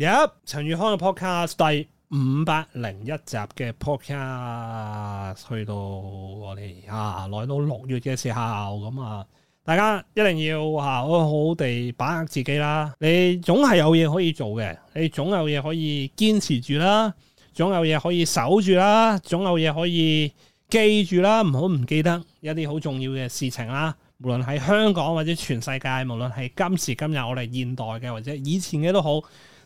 一陳宇康嘅 podcast 第五百零一集嘅 podcast，去到我哋啊，來到六月嘅時候咁啊，大家一定要吓好好地把握自己啦。你總係有嘢可以做嘅，你總有嘢可以堅持住啦，總有嘢可以守住啦，總有嘢可以記住啦，唔好唔記得一啲好重要嘅事情啦。無論喺香港或者全世界，無論係今時今日我哋現代嘅或者以前嘅都好。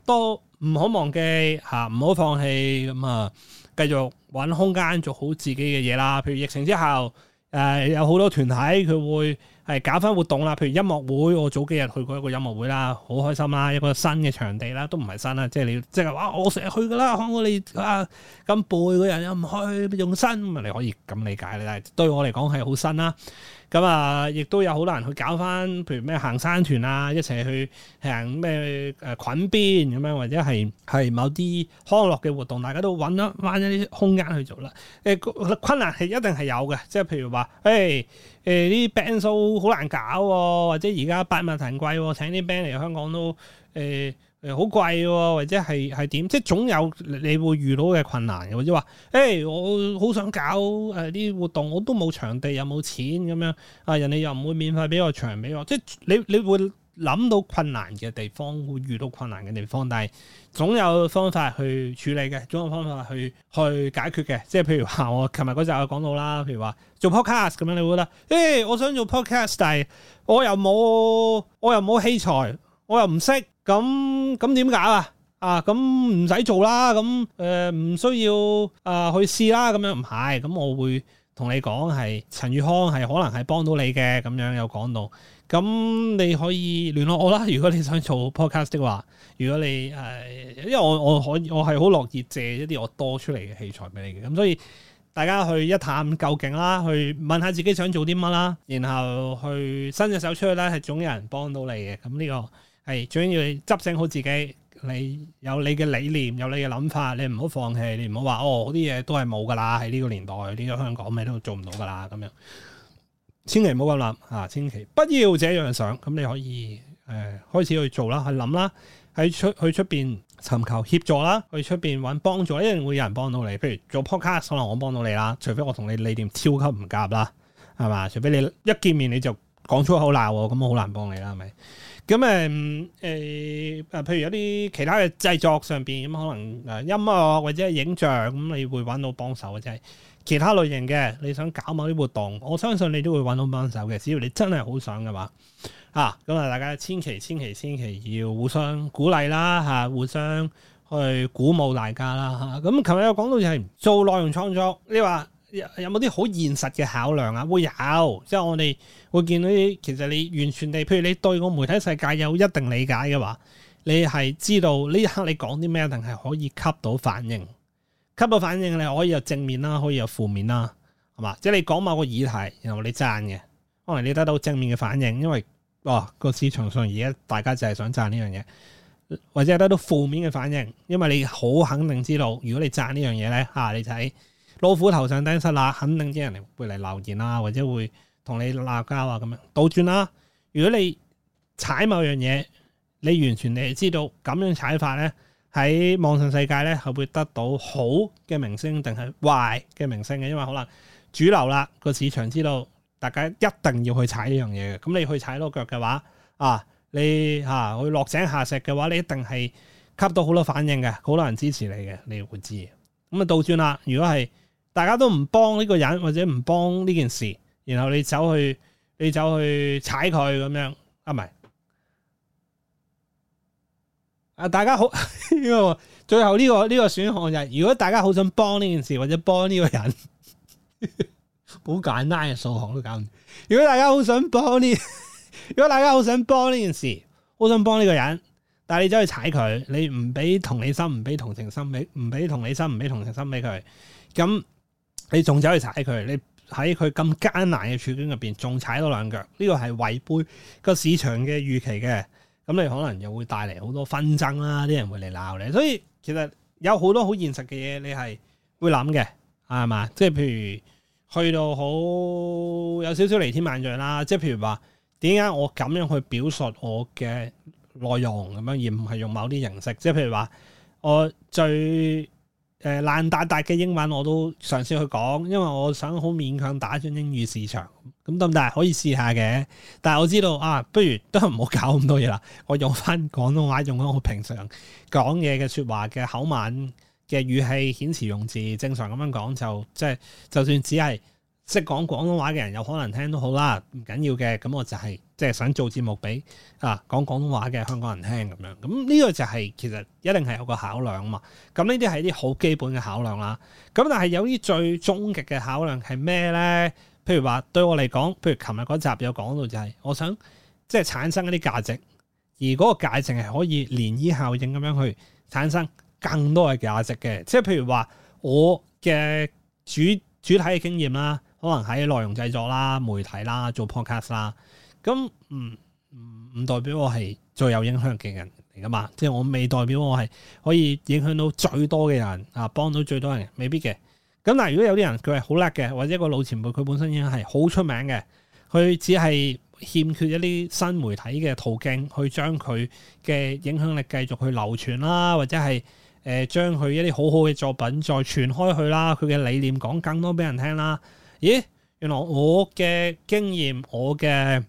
都唔好忘記嚇，唔好放棄咁啊，繼續搵空間做好自己嘅嘢啦。譬如疫情之後，誒有好多團體佢會，係搞翻活動啦，譬如音樂會，我早幾日去過一個音樂會啦，好開心啦，一個新嘅場地啦，都唔係新啦，即係你即係話，我成日去㗎啦，我你啊咁背個人又唔去用新，咪你可以咁理解但咧。對我嚟講係好新啦，咁啊，亦都有好多人去搞翻，譬如咩行山團啊，一齊去行咩誒菌邊咁樣，或者係係某啲康樂嘅活動，大家都揾一翻一啲空間去做啦。誒、欸、困難係一定係有嘅，即係譬如話誒誒啲病蘇。欸呃都好難搞、哦，或者而家百物騰貴，請啲 band 嚟香港都誒誒好貴，或者係係點，即係總有你會遇到嘅困難嘅，或者話誒、欸、我好想搞誒啲活動，我都冇場地又冇錢咁樣，啊、呃、人哋又唔會免費俾我，場地俾我，即係你你會。諗到困難嘅地方會遇到困難嘅地方，但係總有方法去處理嘅，總有方法去去解決嘅。即係譬如話我琴日嗰陣講到啦，譬如話做 podcast 咁樣，你會覺得，誒、hey，我想做 podcast，但係我又冇我又冇器材，我又唔識，咁咁點搞啊？啊，咁唔使做啦，咁誒唔需要啊、呃、去試啦，咁樣唔係，咁我會。同你講係陳宇康係可能係幫到你嘅咁樣有講到，咁你可以聯絡我啦。如果你想做 podcast 的話，如果你係、呃、因為我我可以我係好樂意借一啲我多出嚟嘅器材俾你嘅，咁所以大家去一探究竟啦，去問下自己想做啲乜啦，然後去伸隻手出去啦。係總有人幫到你嘅。咁呢、這個係最緊要執整好自己。你有你嘅理念，有你嘅諗法，你唔好放棄，你唔好話哦，嗰啲嘢都係冇噶啦，喺呢個年代，呢個香港咩都做唔到噶啦，咁樣，千祈唔好咁諗啊，千祈不要這樣想，咁你可以誒、呃、開始去做啦，去諗啦，喺出去出邊尋求協助啦，去出邊揾幫助，一定會有人幫到你。譬如做 podcast，可能我幫到你啦，除非我同你理念超級唔夾啦，係嘛？除非你一見面你就講粗口鬧我，咁我好難幫你啦，係咪？咁誒誒誒，譬如有啲其他嘅製作上邊咁，可能誒音樂或者係影像咁，你會揾到幫手嘅啫。其他類型嘅你想搞某啲活動，我相信你都會揾到幫手嘅，只要你真係好想嘅話。啊，咁啊，大家千祈千祈千祈要互相鼓勵啦，嚇、啊，互相去鼓舞大家啦，嚇、啊。咁琴日有講到就係做內容創作，你話。有冇啲好現實嘅考量啊？會有，即係我哋會見到啲。其實你完全地，譬如你對個媒體世界有一定理解嘅話，你係知道呢一刻你講啲咩，定係可以吸到反應。吸到反應，你可以有正面啦，可以有負面啦，係嘛？即係你講某個議題，然後你讚嘅，可能你得到正面嘅反應，因為哇個市場上而家大家就係想讚呢樣嘢，或者得到負面嘅反應，因為你好肯定知道，如果你讚呢樣嘢咧嚇，你睇、就是。老虎頭上釘虱乸，肯定啲人嚟，會嚟留言啊，或者會同你鬧交啊，咁樣倒轉啦。如果你踩某樣嘢，你完全你係知道咁樣踩法咧，喺網上世界咧，係會得到好嘅名聲定係壞嘅名聲嘅，因為可能主流啦個市場知道，大家一定要去踩呢樣嘢嘅。咁你去踩多腳嘅話，啊，你吓去落井下石嘅話，你一定係吸到好多反應嘅，好多人支持你嘅，你會知。咁啊倒轉啦，如果係。大家都唔幫呢個人或者唔幫呢件事，然後你走去你走去踩佢咁樣啊？唔係啊？大家好呢個最後呢、這個呢、這個選項係，就係，如果大家好想幫呢件事或者幫呢個人，好 簡單嘅、啊、數學都搞唔。如果大家好想幫呢，如果大家好想幫呢件事，好想幫呢個人，但係你走去踩佢，你唔俾同理心，唔俾同情心，俾唔俾同理心，唔俾同情心俾佢咁。你仲走去踩佢？你喺佢咁艱難嘅處境入邊，仲踩到兩腳？呢個係違背個市場嘅預期嘅。咁你可能又會帶嚟好多紛爭啦，啲人會嚟鬧你。所以其實有好多好現實嘅嘢，你係會諗嘅，係嘛？即係譬如去到好有少少離天萬丈啦。即係譬如話，點解我咁樣去表述我嘅內容咁樣，而唔係用某啲形式？即係譬如話，我最。誒爛達達嘅英文我都嘗試去講，因為我想好勉強打進英語市場。咁得唔得？可以試下嘅。但係我知道啊，不如都係唔好搞咁多嘢啦。我用翻廣東話，用翻我平常講嘢嘅説話嘅口吻嘅語氣、遣詞用字，正常咁樣講就即係，就算只係。識講廣東話嘅人有可能聽都好啦，唔緊要嘅。咁我就係即係想做節目俾啊講廣東話嘅香港人聽咁樣。咁呢個就係、是、其實一定係有個考量啊嘛。咁呢啲係啲好基本嘅考量啦。咁但係有啲最終極嘅考量係咩咧？譬如話對我嚟講，譬如琴日嗰集有講到就係、是，我想即係產生一啲價值，而嗰個價值係可以漣漪效應咁樣去產生更多嘅價值嘅。即係譬如話我嘅主主體嘅經驗啦。可能喺內容製作啦、媒體啦、做 podcast 啦，咁唔唔代表我係最有影響嘅人嚟噶嘛？即係我未代表我係可以影響到最多嘅人啊，幫到最多人未必嘅。咁但係如果有啲人佢係好叻嘅，或者一個老前輩佢本身已經係好出名嘅，佢只係欠缺一啲新媒體嘅途徑去將佢嘅影響力繼續去流傳啦，或者係誒將佢一啲好好嘅作品再傳開去啦，佢嘅理念講更多俾人聽啦。咦，原來我嘅經驗，我嘅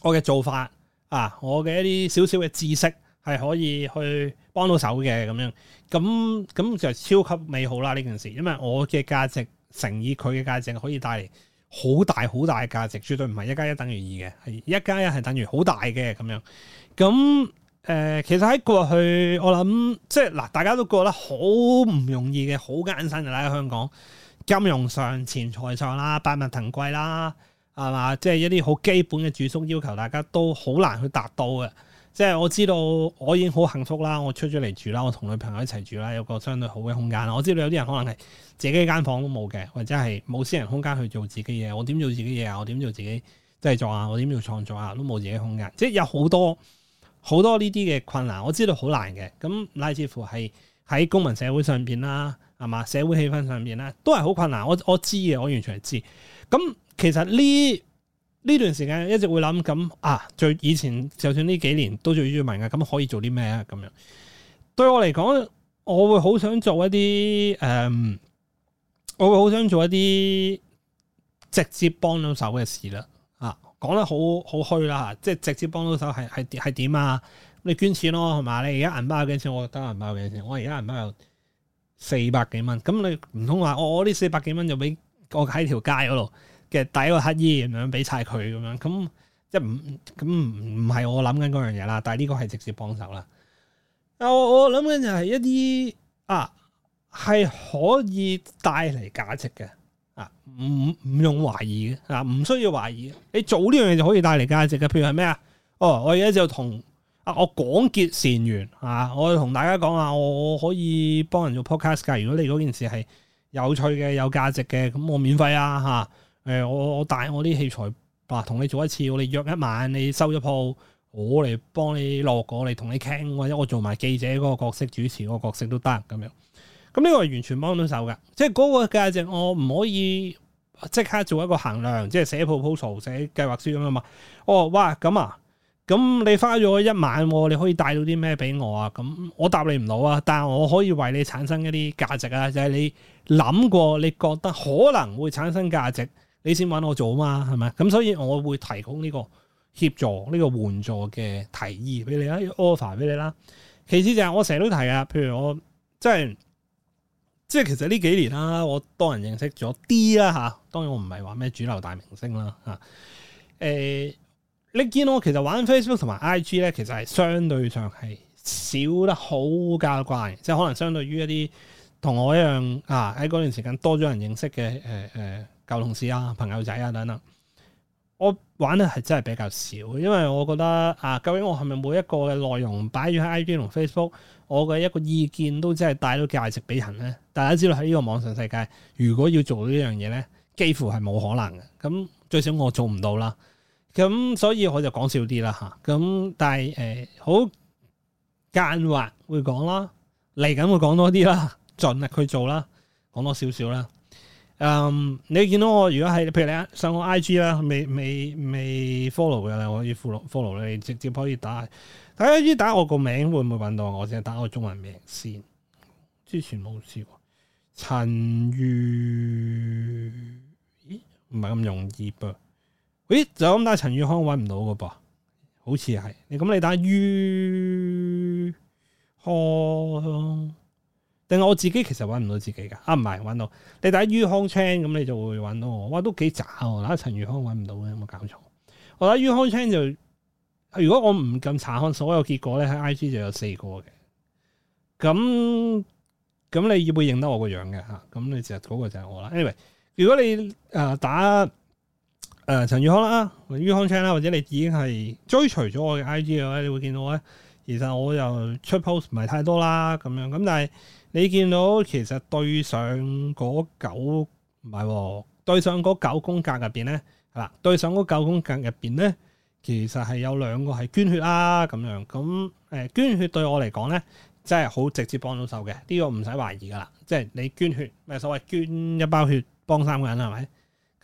我嘅做法啊，我嘅一啲少少嘅知識係可以去幫到手嘅咁樣，咁咁就超級美好啦呢件事，因為我嘅價值乘以佢嘅價值可以帶嚟好大好大嘅價值，絕對唔係一加一等於二嘅，係一加一係等於好大嘅咁樣。咁誒、呃，其實喺過去我諗即係嗱，大家都覺得好唔容易嘅，好艱辛嘅啦喺香港。金融上錢財上啦，百物騰貴啦，係嘛？即係一啲好基本嘅住宿要求，大家都好難去達到嘅。即係我知道，我已經好幸福啦，我出咗嚟住啦，我同女朋友一齊住啦，有個相對好嘅空間啦。我知道有啲人可能係自己間房都冇嘅，或者係冇私人空間去做自己嘢。我點做自己嘢啊？我點做自己製作啊？我點做創作啊？都冇自己空間，即係有好多好多呢啲嘅困難，我知道好難嘅。咁乃至乎係喺公民社會上邊啦。係嘛？社會氣氛上面咧，都係好困難。我我知嘅，我完全係知。咁其實呢呢段時間一直會諗，咁啊，最以前就算呢幾年都最住文嘅，咁可以做啲咩啊？咁樣對我嚟講，我會好想做一啲誒、嗯，我會好想做一啲直接幫到手嘅事啦。啊，講得好好虛啦，即係直接幫到手係係點係點啊？你捐錢咯，係嘛？你而家銀包有幾錢？我得銀包有幾錢？我而家銀包。有。四百幾蚊，咁你唔通話我我呢四百幾蚊就俾我喺條街嗰度嘅第一個乞衣咁樣俾晒佢咁樣，咁即係唔咁唔係我諗緊嗰樣嘢啦，但係呢個係直接幫手啦。啊，我我諗緊就係一啲啊，係可以帶嚟價值嘅啊，唔唔用懷疑嘅啊，唔需要懷疑。你做呢樣嘢就可以帶嚟價值嘅，譬如係咩啊？哦，我而家就同。啊！我廣結善緣啊！我同大家講啊，我我可以幫人做 podcast 噶。如果你嗰件事係有趣嘅、有價值嘅，咁我免費啊嚇！誒、啊，我我帶我啲器材嗱，同、啊、你做一次，我哋約一晚，你收一鋪，我嚟幫你落過嚟同你傾，或者我做埋記者嗰個角色、主持嗰個角色都得咁樣。咁呢個係完全幫到手噶，即係嗰個價值我唔可以即刻做一個衡量，即係寫 proposal、寫計劃書咁啊嘛。哦，哇咁啊！咁、嗯、你花咗一晚，你可以帶到啲咩俾我啊？咁、嗯、我答你唔到啊，但係我可以為你產生一啲價值啊，就係、是、你諗過，你覺得可能會產生價值，你先揾我做啊嘛，係咪？咁、嗯、所以我會提供呢個協助，呢、這個援助嘅提議俾你啦，offer 俾你啦。其次就係我成日都提啊，譬如我即係即係其實呢幾年啦，我多人認識咗啲啦吓，當然我唔係話咩主流大明星啦吓，誒、啊。欸。你見到我其實玩 Facebook 同埋 IG 咧，其實係相對上係少得好交關，即係可能相對於一啲同我一樣啊喺嗰段時間多咗人認識嘅誒誒舊同事啊、朋友仔啊等等，我玩嘅係真係比較少，因為我覺得啊，究竟我係咪每一個嘅內容擺咗喺 IG 同 Facebook，我嘅一個意見都真係帶到價值俾人咧？大家知道喺呢個網上世界，如果要做呢樣嘢咧，幾乎係冇可能嘅。咁最少我做唔到啦。咁、嗯、所以我就講少啲啦嚇，咁但係誒好間或會講啦，嚟緊、呃、會講多啲啦，盡力去做啦，講多少少啦。嗯，你見到我如果係譬如你上我 IG 啦，未未未 follow 嘅，我可以 follow 你，直接可以打打 IG 打我個名，會唔會揾到我？淨係打我中文名先，之前冇試過陳如，咦唔係咁容易噃。咦，就咁打陳宇康揾唔到噶噃，好似係你咁你打宇康，定係我自己其實揾唔到自己噶？啊，唔係揾到，你打宇康 Chan 咁你就會揾到我。哇，都幾渣喎！嗱，陳宇康揾唔到嘅有冇搞錯？我打宇康 Chan 就，如果我唔咁查看所有結果咧，喺 IG 就有四個嘅。咁咁你要會認得我個樣嘅吓，咁你就嗰個就係我啦。Anyway，如果你誒打。誒、呃、陳宇康啦，或者宇康 channel 啦，或者你已經係追隨咗我嘅 IG 嘅咧，你會見到咧。其實我又出 post 唔係太多啦，咁樣咁，但係你見到其實對上嗰九唔係喎，對上嗰九宮格入邊咧，係啦，對上嗰九宮格入邊咧，其實係有兩個係捐血啦、啊，咁樣咁誒、呃、捐血對我嚟講咧，真係好直接幫到手嘅，呢、這個唔使懷疑噶啦，即係你捐血，咪所謂捐一包血幫三個人係咪？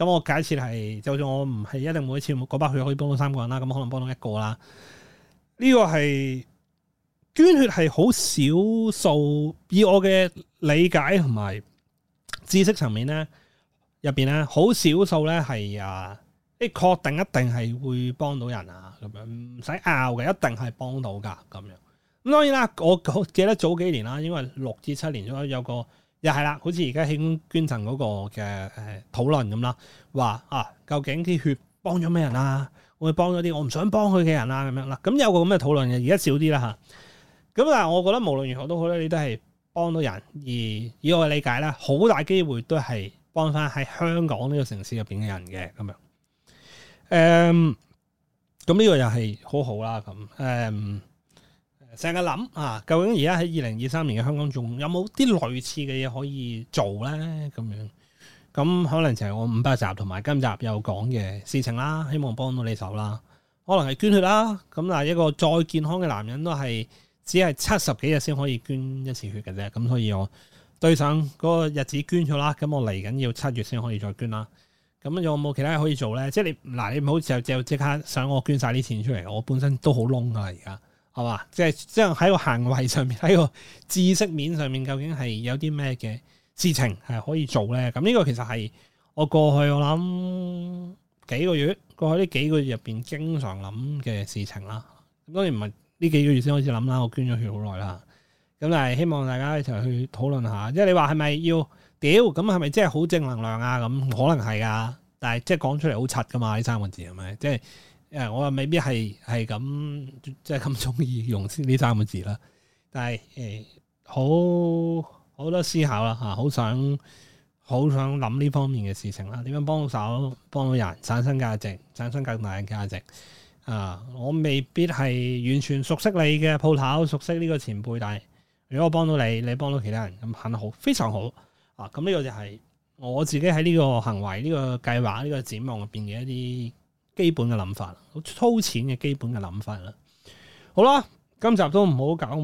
咁我假設係，就算我唔係一定每一次，把血佢可以幫到三個人啦，咁可能幫到一個啦。呢、這個係捐血係好少數，以我嘅理解同埋知識層面咧，入邊咧好少數咧係啊，誒確定一定係會幫到人啊，咁樣唔使拗嘅，一定係幫到噶，咁樣。咁當然啦，我記得早幾年啦，因為六至七年左右有個。又係啦，好似而家興捐贈嗰個嘅誒討論咁啦，話啊究竟啲血幫咗咩人啊？會幫咗啲我唔想幫佢嘅人啦、啊，咁樣啦。咁有個咁嘅討論嘅，而家少啲啦吓。咁、啊、但係我覺得無論如何都好咧，你都係幫到人。而以我嘅理解咧，好大機會都係幫翻喺香港呢個城市入邊嘅人嘅咁樣。誒、嗯，咁呢個又係好好啦，咁。嗯成日諗啊，究竟而家喺二零二三年嘅香港仲有冇啲類似嘅嘢可以做咧？咁樣，咁可能就係我五百集同埋今集有講嘅事情啦，希望幫到你手啦。可能係捐血啦。咁嗱，一個再健康嘅男人都係只係七十幾日先可以捐一次血嘅啫。咁所以我對上嗰個日子捐咗啦，咁我嚟緊要七月先可以再捐啦。咁有冇其他嘢可以做咧？即係你嗱，你唔好就就即刻想我捐晒啲錢出嚟，我本身都好窿噶而家。係嘛？即係即係喺個行為上面，喺個知識面上面，究竟係有啲咩嘅事情係可以做咧？咁呢個其實係我過去我諗幾個月，過去呢幾個月入邊經常諗嘅事情啦。當然唔係呢幾個月先開始諗啦，我捐咗血好耐啦。咁但係希望大家一齊去討論下，即係你話係咪要屌？咁係咪真係好正能量啊？咁可能係噶，但係即係講出嚟好柒噶嘛？呢三個字係咪？即係。誒，我話未必係係咁即係咁中意用呢三個字啦，但係誒、欸，好好多思考啦嚇，好想好想諗呢方面嘅事情啦，點樣幫到手幫到人，產生價值，產生更大嘅價值啊！我未必係完全熟悉你嘅鋪頭，熟悉呢個前輩，但係如果我幫到你，你幫到其他人咁，很好，非常好啊！咁呢個就係我自己喺呢個行為、呢、這個計劃、呢、這個展望入邊嘅一啲。基本嘅諗法好粗淺嘅基本嘅諗法啦。好啦，今集都唔好搞咁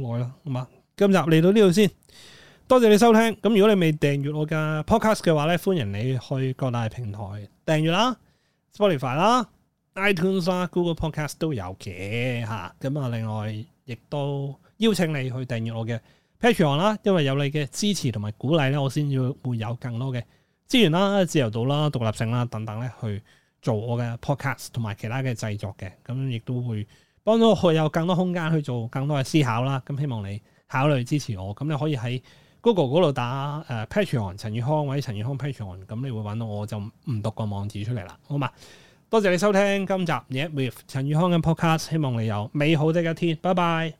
耐啦。咁啊，今集嚟到呢度先，多謝你收聽。咁如果你未訂閱我嘅 podcast 嘅話咧，歡迎你去各大平台訂閱啦，Spotify 啦、iTunes 啦、Google Podcast 都有嘅吓。咁啊，另外亦都邀請你去訂閱我嘅 Patreon 啦，因為有你嘅支持同埋鼓勵咧，我先要會有更多嘅資源啦、自由度啦、獨立性啦等等咧去。做我嘅 podcast 同埋其他嘅製作嘅，咁亦都會幫到我有更多空間去做更多嘅思考啦。咁希望你考慮支持我，咁你可以喺 Google 度打誒 Patreon 陳宇康或者陳宇康 Patreon，咁你會揾到我，就唔讀個網址出嚟啦。好嘛，多謝你收聽今集《Yet、yeah, with 陳宇康嘅 podcast》，希望你有美好的一天，拜拜。